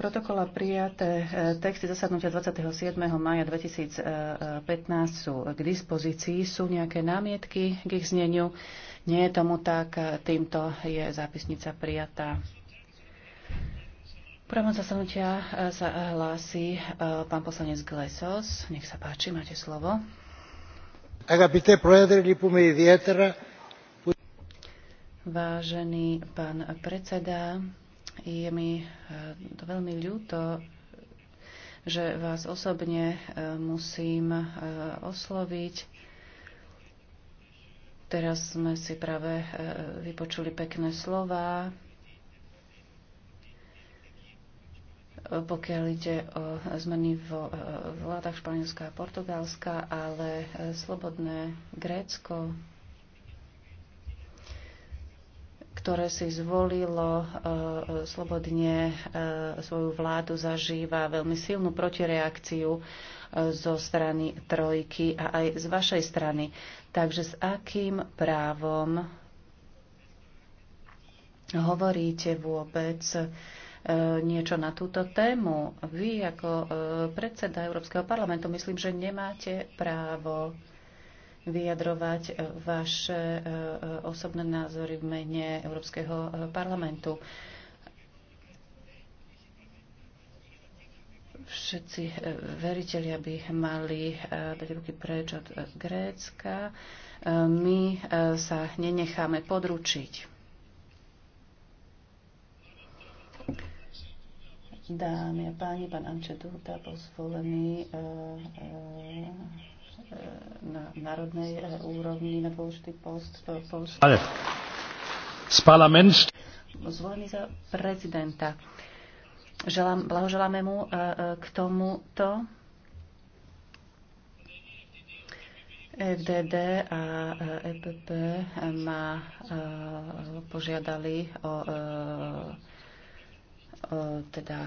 protokola prijaté e, texty zasadnutia 27. maja 2015 sú k dispozícii. Sú nejaké námietky k ich zneniu? Nie je tomu tak. Týmto je zápisnica prijatá. Prvom zasadnutia e, sa hlási e, pán poslanec Glesos. Nech sa páči, máte slovo. Agapite Vážený pán predseda, je mi e, to veľmi ľúto, že vás osobne e, musím e, osloviť. Teraz sme si práve vypočuli pekné slova. pokiaľ ide o zmeny vo vládach Španielska a Portugalska, ale slobodné Grécko ktoré si zvolilo e, e, slobodne e, svoju vládu, zažíva veľmi silnú protireakciu zo strany trojky a aj z vašej strany. Takže s akým právom hovoríte vôbec niečo na túto tému? Vy ako predseda Európskeho parlamentu myslím, že nemáte právo vyjadrovať e, vaše e, e, osobné názory v mene Európskeho parlamentu. Všetci veriteľi by mali dať ruky preč od Grécka. My sa nenecháme područiť. Dámy a páni, pán Ančeduta, pozvolený národnej eh, úrovni na dôležitý post. post. Ale. Z parlamentu. Zvolený za prezidenta. Želám, blahoželáme mu eh, eh, k tomuto. FDD a EPP e ma požiadali o, o teda